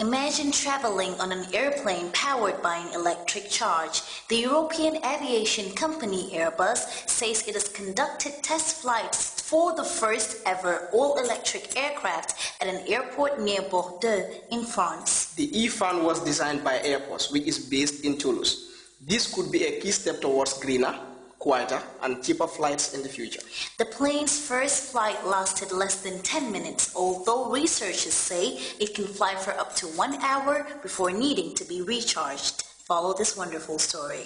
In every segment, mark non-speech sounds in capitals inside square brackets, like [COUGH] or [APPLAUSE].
Imagine traveling on an airplane powered by an electric charge. The European aviation company Airbus says it has conducted test flights for the first ever all-electric aircraft at an airport near Bordeaux in France. The EFAN was designed by Airbus, which is based in Toulouse. This could be a key step towards greener, quieter, and cheaper flights in the future. The plane's first flight lasted less than 10 minutes, although researchers say it can fly for up to one hour before needing to be recharged. Follow this wonderful story.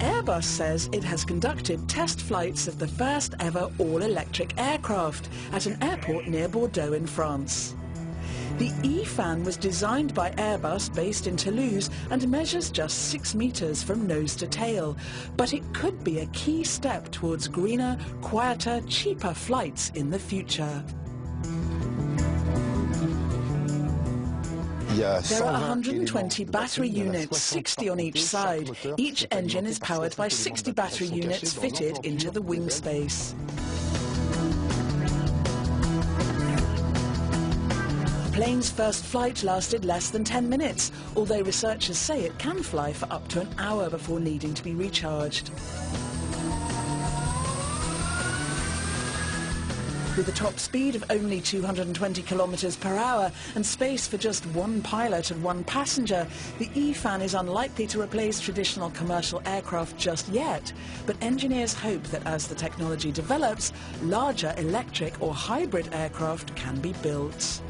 Airbus says it has conducted test flights of the first ever all-electric aircraft at an airport near Bordeaux in France. The E-Fan was designed by Airbus based in Toulouse and measures just six metres from nose to tail. But it could be a key step towards greener, quieter, cheaper flights in the future. There are 120 battery units, 60 on each side. Each engine is powered by 60 battery units fitted into the wing space. plane's first flight lasted less than 10 minutes, although researchers say it can fly for up to an hour before needing to be recharged. with a top speed of only 220 kilometres per hour and space for just one pilot and one passenger, the eFan is unlikely to replace traditional commercial aircraft just yet. But engineers hope that as the technology develops, larger electric or hybrid aircraft can be built.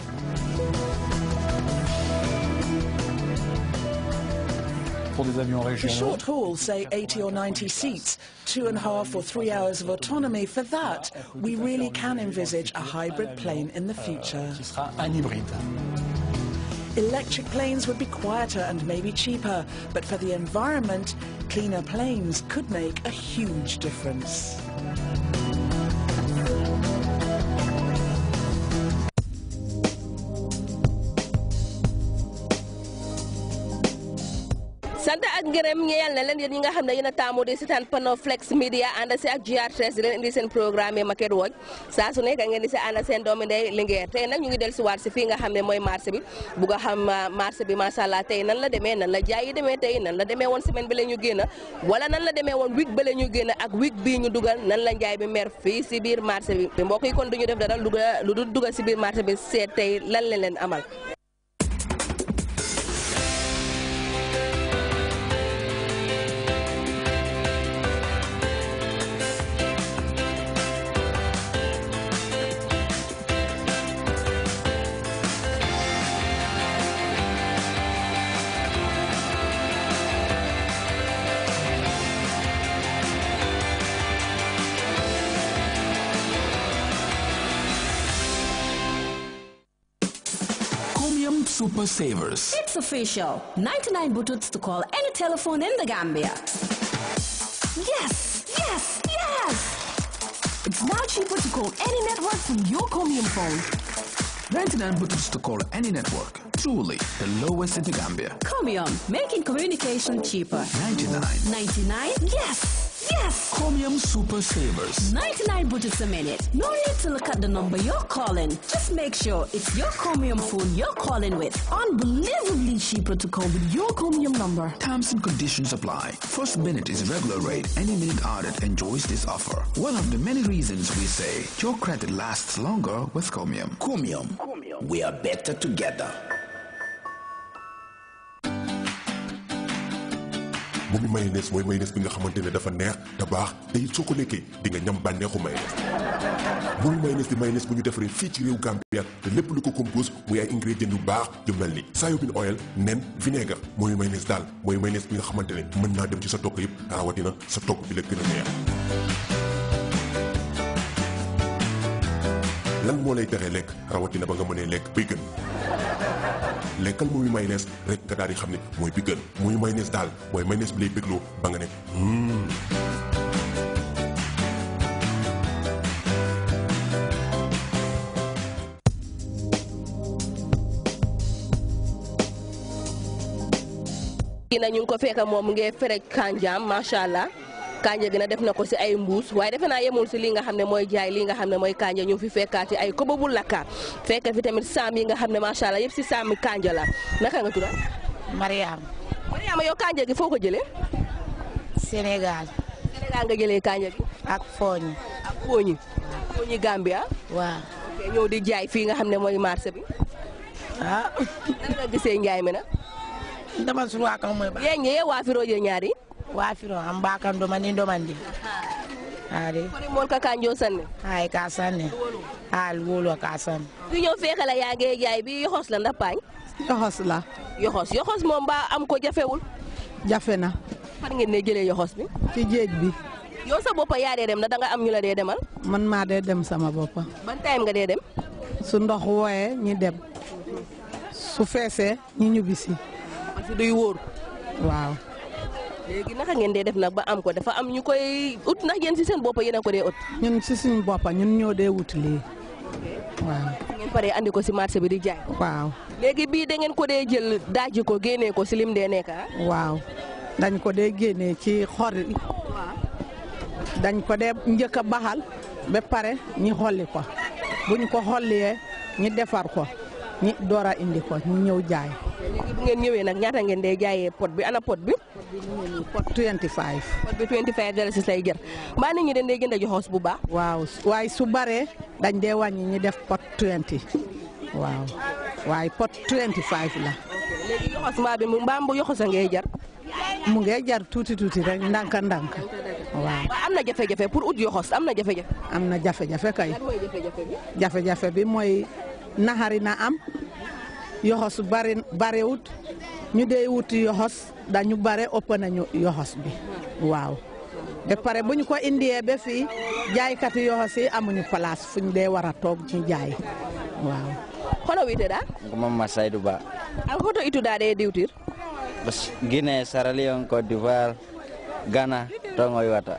The short haul, say 80 or 90 seats, two and a half or three hours of autonomy, for that we really can envisage a hybrid plane in the future. Euh, Electric planes would be quieter and maybe cheaper, but for the environment, cleaner planes could make a huge difference. sant ak ngërëm ñeel na leen yéen ñi nga xam ne yéen a taamu di seetaan Panaflex Media ànd si ak GRTS di seen programme yi Market Watch a su nekk ngeen di si ànd seen doomi ndey Linguère tey nag ñu ngi del si waat si fii nga xam ne mooy marché bi bu nga xam ah, marché bi macha tey nan la demee nan la jaay yi demee tey nan la demee woon semaine bi la ñu génn wala nan la demee woon week ba la ñu génn ak week bi ñu dugal nan la njaay bi mer fii si biir marché bi mbokk yi kon duñu def dara lu dul dugal si biir marché bi seet tey lan leen leen amal Super Savers. It's official. 99 Bluetooths to call any telephone in the Gambia. Yes, yes, yes! It's now cheaper to call any network from your Comium phone. 99 Bluetooths to call any network. Truly the lowest in the Gambia. Comium, making communication cheaper. 99. 99? Yes! Yes! Chromium Super Savers. 99 budgets a minute. No need to look at the number you're calling. Just make sure it's your Chromium phone you're calling with. Unbelievably cheaper to call with your Chromium number. Terms and conditions apply. First minute is regular rate. Any minute added enjoys this offer. One of the many reasons we say your credit lasts longer with Chromium. Chromium. Comium. We are better together. mu ngi mayonnaise mooy mayonnaise bi nga xamante ne dafa neex te baax te it soo ko lekkee di nga ñam bànneexu mayonnaise mu ngi mayonnaise di mayonnaise bu ñu defaree fii ci réew Gambia te lépp lu ko compose muy ay ingrédients yu baax yu mel ni soybean oil nen vinaigre mooy mayonnaise daal mooy mayonnaise bi nga xamante ne mën naa dem ci sa togg yëpp rawatina sa togg bi la gën a neex lan moo lay teree lekk rawatina ba nga mënee lekk bi gën lekkal moomu may rek nga daal di xam ne mooy bi gën moomu mayonnaise daal mooy mayonnaise bi lay bégloo ba nga ne kii hmm. na ñu ngi ko fekk moom mu ngi ferek kànjaam macha allah kanja gi na def na ko si ay mbuus waaye defe naa yemul si lii nga xam ne mooy jaay lii nga xam ne mooy kanja ñu fi fekkaati ay kobo bu lakka fekk fi tamit saam yi nga xam ne macha allah yëpp si saami kanja la naka nga tudd. Mariam. gi foo ko jëlee. Sénégal. nga jëlee kanja gi. ak fooñi. ak fooñi. fooñi Gambia. ñëw di jaay fii nga xam ne mooy marché bi. ah. nan nga gisee njaay mi nag. dama suñu waa ñaari. wafiro amba kam do mani do mandi ari kori mol ka kanjo sanne ay ka sanne al wolo ka sanne bi ñoo fexela yaage jaay bi yoxos la ndapañ yoxos la yoxos yoxos moom ba am ko jafewul jafe na fan ngeen ne jëlee yoxos bi ci géej bi yow sa boppa yaa dee dem da danga am ñu la dee demal man maa dee dem sama boppa ban time nga dee dem su ndox wooyee ñi dem su feesee ñi ñibbisi parce que duy waaw léegi naka ngeen dee def nag ba am ko dafa am ñu koy ut ndax yéen si seen bopp yéen a ko dee ut. ñun si suñu boppa ñun ñoo dee wut lii waaw. ngeen ko si marché bi di jaay. waaw léegi bii da ngeen ko de jël daaji ko génnee ko si lim dee nekk ah? waaw dañ ko de génnee ci xor yi. dañ ko dee njëkk a baxal ba pare ñi xolli ko buñ ko xollee ñi defar ko ñi door a indi ko ñu ñëw jaay. léegi ngeen ñëwee nag ñaata ngeen dee jaayee pot bi ana pot bi. pot 25. pot bi 25 dalasis lay jër mbaa nit ñi dañ dee jënd a joxoos bu baax. waaw waaye su baree dañ dee wàññi ñu def pot 20 waaw waaye pot 25 la. léegi yoxos mbaa bi mbaam bu yoxosa ngay jar. mu ngee jar tuuti tuuti rek ndànk ndànk. waaw am na jafe-jafe pour ut yoxos am na jafe-jafe. am na jafe kay. jafe-jafe bi mooy naxari na am. yoxos bari wut ñu dee wut yoxos dañu bare ëpp nañu yoxos bi waaw ba bu ñu ko indiyee ba fii jaaykatu yoxos yi amuñu place fu ñu dee war a toog ci jaay waaw kono wiite ɗa ko mamma saydou ba a hoto ittuɗaɗe e diwtir guine sara lion côte d'ivoire gana ton o yiwata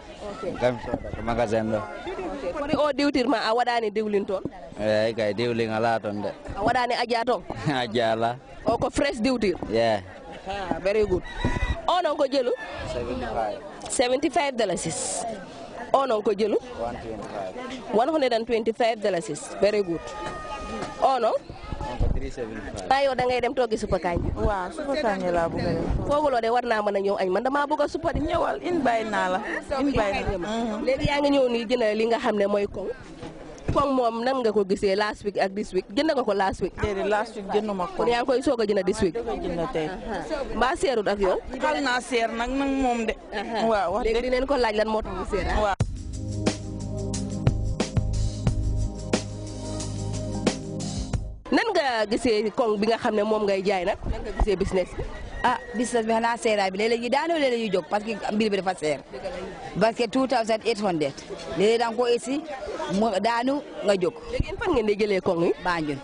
kam soda ko magasin ɗo woni o diwtirma a waɗani diwlin kay diwlin ala de a waɗani aja toon [LAUGHS] o ko fresh diwtir ye very good onon ko jelu 75 dalasis onon ko jelu 125 waaye yow da ngay dem toogi suppa kaañ a suppa kaañ laa bëgg a dem fooguloo de war naa mën a ñëw añ man damaa bëgg a suppa di ñëwal in bàyyi naa la in bàyyi naa mm-hmm. Mm-hmm. léegi yaa ngi ñëw nii jënd li nga xam ne mooy koŋ koŋ moom nan nga ko gisee last week ak this week jënd nga ko last week déedéet last ko kon yaa ngi koy soog a jënd this week jënd tey uh-huh. yow xal naa seer nag nag moom de uh-huh. waaw wax léegi dinañ ko laaj lan moo tax mu seer ah? waaw nan nga gisee kong bi nga xam ne moom ngay jaay nag gisee business bi. ah business bi xanaa seeraay bi léeg-léeg ñu daanoo léeg ñu jóg parce que mbir bi dafa seer. parce que 2800 léeg-léeg da nga ko esi mu daanu nga jóg. léegi yéen jëlee kong yi. Banjul.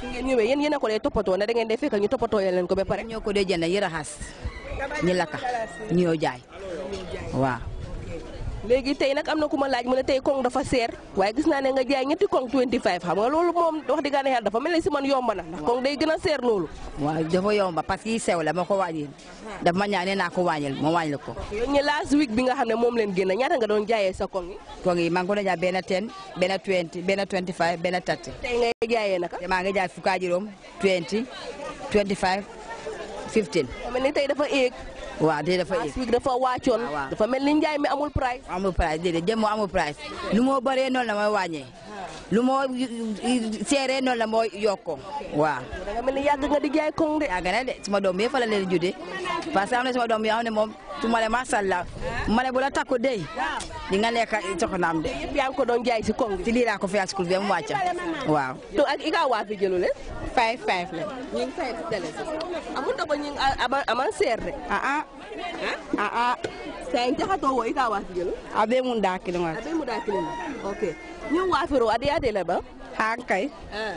fi ngeen ñëwee yéen yéen a ko dee toppatoo ne da ngeen dee fekk ñu toppatoo leen ko ba pare. ñoo ko dee jënd yi raxas ñu lakka ñoo jaay waaw. léegi tey nag am na ku ma laaj mu a tey koŋ dafa seer waaye gis naa ne nga jaay ñetti koŋ 25 xam nga loolu moom wax dëgg yàlla dafa mel si man yomba na ndax koŋ day gën a seer loolu. waaw dafa yomba parce que yi sew la ko wàññil daf ma ñaanee naa ko wàññil ma wàññil ko. yow ñu bi nga xam ne moom leen génn ñaata nga doon jaayee sa koŋ yi. koŋ yi maa ko doon jaay benn 10 benn 20 benn 25 benn 30. tey ngay jaayee naka. maa ngi waaw te dafa yéeg dafa wàccoon dafa mel ni njaay mi amul price amul price déedéet jëm amul price nu moo bëree noonu la wàññee lu moo seeree noonu la moo yokkoo waaw. da nga mel ni yàgg nga de. suma doom bi fa la leen juddee parce am na suma doom bi yoo xam ne moom su ma leen macha allah ma ne bu la takku de di nga lekk coxnaam de. yëpp yaa ko doon jaay si koŋ bi. si ko fay school bi mu wàcc waaw. to i ka waa fi le. five five la. ñu ngi five tele. amul dama ñu ama ama sayanjaha to wo ita wasigel abe mun da kilin abe mun da kilin okay nyin wafiro ade ade ya leba hankay eh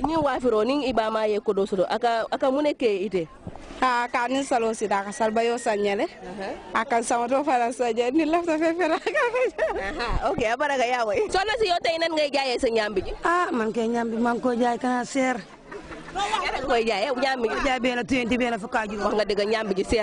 nyin wafiro nin ibama ye kodo sodo aka aka ke ite ha ka nin salo si da ka salba yo sanyele aka kan sama to fara saje ni lafta fe fera ka ha okay abara ga yawo so na si yo tay nan ngay jaye sa nyambi ah man ke nyambi man ko jaay kana ser koy jaay nyambi jaay bena 20 bena fuka ju wax nga dega nyambi ji